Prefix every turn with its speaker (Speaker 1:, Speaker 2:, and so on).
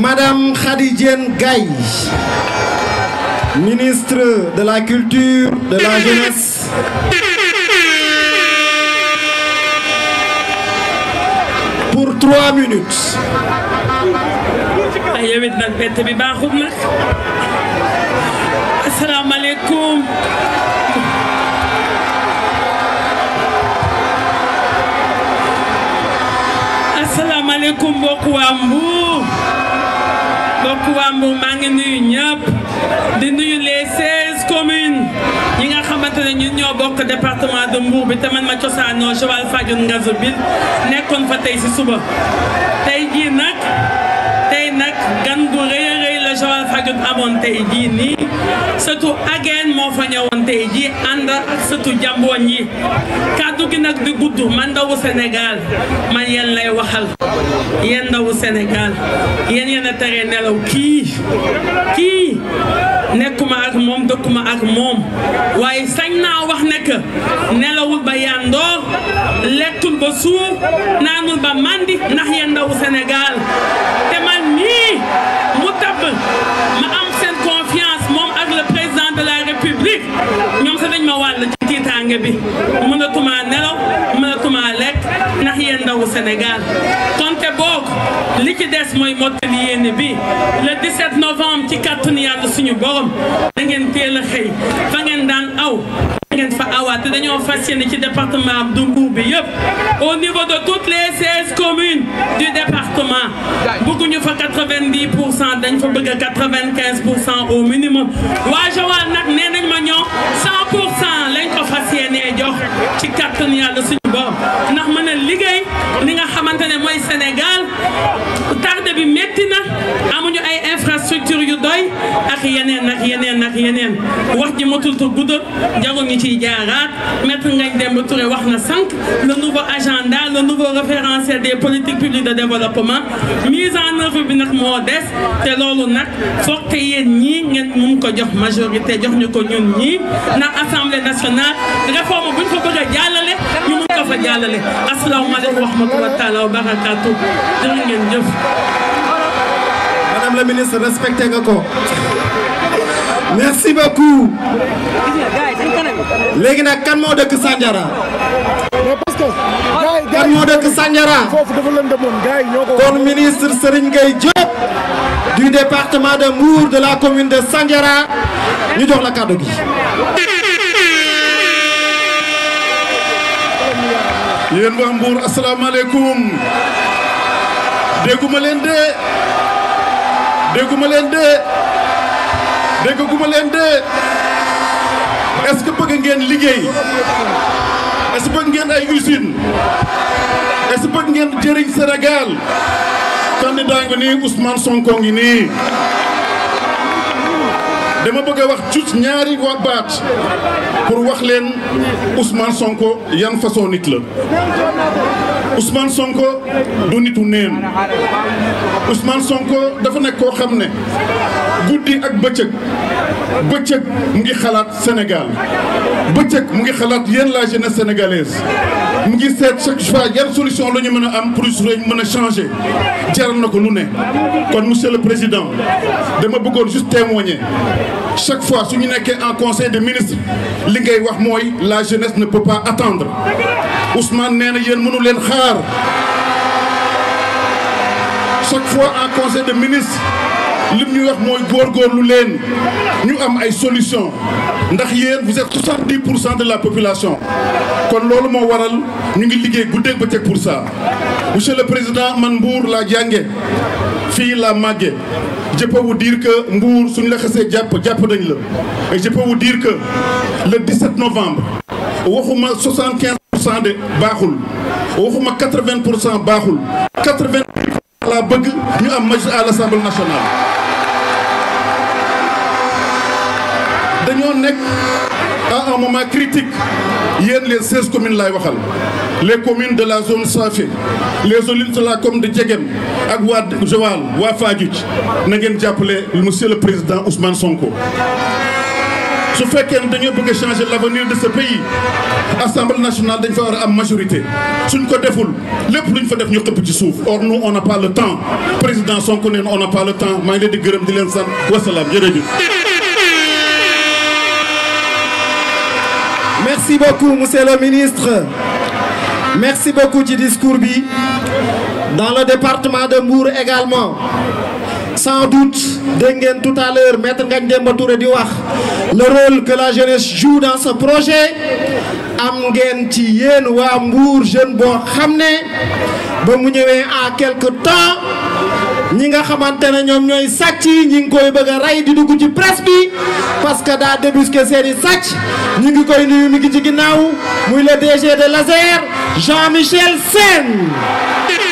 Speaker 1: Madame Khadidienne Gaye, ministre de la Culture, de la Jeunesse. Pour trois minutes.
Speaker 2: Ah, asalaamaaleykum asalaamaaleykum mbokk waa Mbour di nuyu les seize communes yi nga xamante ne ñun ñoo bokk département de Mbour bi te man ma cosaanoo Joal Fadiouth Ngazobil nekkoon fa tey si suba jóg amoon jii nii sëtu ageen ànd ak sëtu jàmboon gi nag di gudd man ndawu Sénégal man yéen lay waxal yéen ndawu Sénégal yéen yéen kii nekkuma ak moom dëkkuma ak moom waaye sañ naa wax nekk nelawul ba yandoor lekkul ba suur naanul ba mandi ndax yéen ndawu Sénégal te man nii li ci des mooy mottali yéene bi le 17 novembre ci kàttanu yàlla suñu borom da ngeen teel a xëy fa ngeen daan aw da fa awaat te dañoo fa yéene ci département Abdou Mbour bi yëpp au niveau de toutes les 16 communes du département bëgguñu fa 90 pour cent dañ fa bëgg a 95 pour cent au minimum waa Joal nag nee na ak yeneen ak yeneen ak yeneen wax ji matul te guddal jaru ñu ciy jaaraat maître Ngagne Demba Touré wax na sànq le nouveau agenda le nouveau référentiel des politiques publiques de développement mise en œuvre bi nag moo des te loolu nag fokk yéen ñii ngeen mun ko jox majorité jox ñu ko ñun ñii ndax assemblée nationale réforme buñ ko bëgg a jàllale ñu mun
Speaker 1: ko fa jàllale asalaamaaleykum wa rahmatulah taala wa barakaatu jërë ngeen jëf. madame la ministre respecté nga ko. merci léegi nag kan moo dëkk Sandiara. kan moo dëkk Sandiara. kon ministre Serigne Gueye Diop du département de Mbour de la commune de Sandiara ñu
Speaker 3: jox la kàddu gi. yéen waa Mbour asalaamaaleykum dégguma leen de dégguma leen de. dégg guma leen de est-ce que bëgg ngeen liggéey est bëgg ngeen ay usine est-ce que bëgg ngeen jëriñ Sénégal candidat ngi nii Ousmane Sonko ngi nii dama bëgg a wax juste ñaari wa pour wax leen Ousmane Sonko yan façon nit la Ousmane Sonko du nitu neen Ousmane Sonko dafa nekk koo xam ne guddi ak bëccëg bëccëg mu ngi xalaat Sénégal bëccëg mu ngi xalaat yéen la jeunesse sénégalaise mu ngi seet chaque fois yan solution la ñu mën a am pour suñu mën a changé jaral na ko lu ne kon monsieur le président dama bëggoon juste témoigner chaque fois su ñu nekkee en conseil de ministres li ngay wax mooy la jeunesse ne peut pas attendre Ousmane nee na mënu leen xaar. milliards. Chaque fois en conseil de ministre, li ñuy wax mooy góorgóorlu leen ñu am ay solution ndax yéen vous êtes 70 pour cent de la population kon loolu moo waral ñu ngi liggéey guddeeg ca pour saa monsieur le président man Mbour laa jànge fii la màgge je peux diir dire que Mbour suñu la jàpp jàpp nañ la et je peux vous dire que le 17 novembre waxuma 75 pour de baaxul waxuma quatre vingt pour cent baaxul quatre vingt laa bëgg ñu am magistrat à l'Assemblée national dañoo nekk à un moment critique yéen les seize communes laay waxal les communes de la zone Safé les élus de la commune de Diegem ak waa Joal waa Fadiouth na ngeen jàppale monsieur le président Ousmane Sonko su fekkee ne dañoo bëgg a changer l' avenir de ce pays assemblée nationale dañ fa war a am majorité suñ ko deful lépp luñ fa def ñu xëpp ci suuf or nous on n'a pas le temps président Sonko neen on a pas le temps maa ngi leen di gërëm di leen sant wasalaam jërëjëf. merci beaucoup monsieur le ministre
Speaker 1: merci beaucoup ci discours bi dans le département de Mbour également sans doute dégg ngeen tout à l'heure maître Ngagne Demba Touré di wax le rôle que la jeunesse joue dans ce projet am ngeen ci yéen waa Mbour jeune boo xam ne ba mu ñëwee en quelque temps ñi nga xamante ne ñoom ñooy sàcc ñi ngi koy bëgg a rey di dugg ci presse bi parce que daa débusqué seeni sàcc ñu ngi koy nuyu ci ginnaaw muy le DG de l'ASER Jean-Michel Sène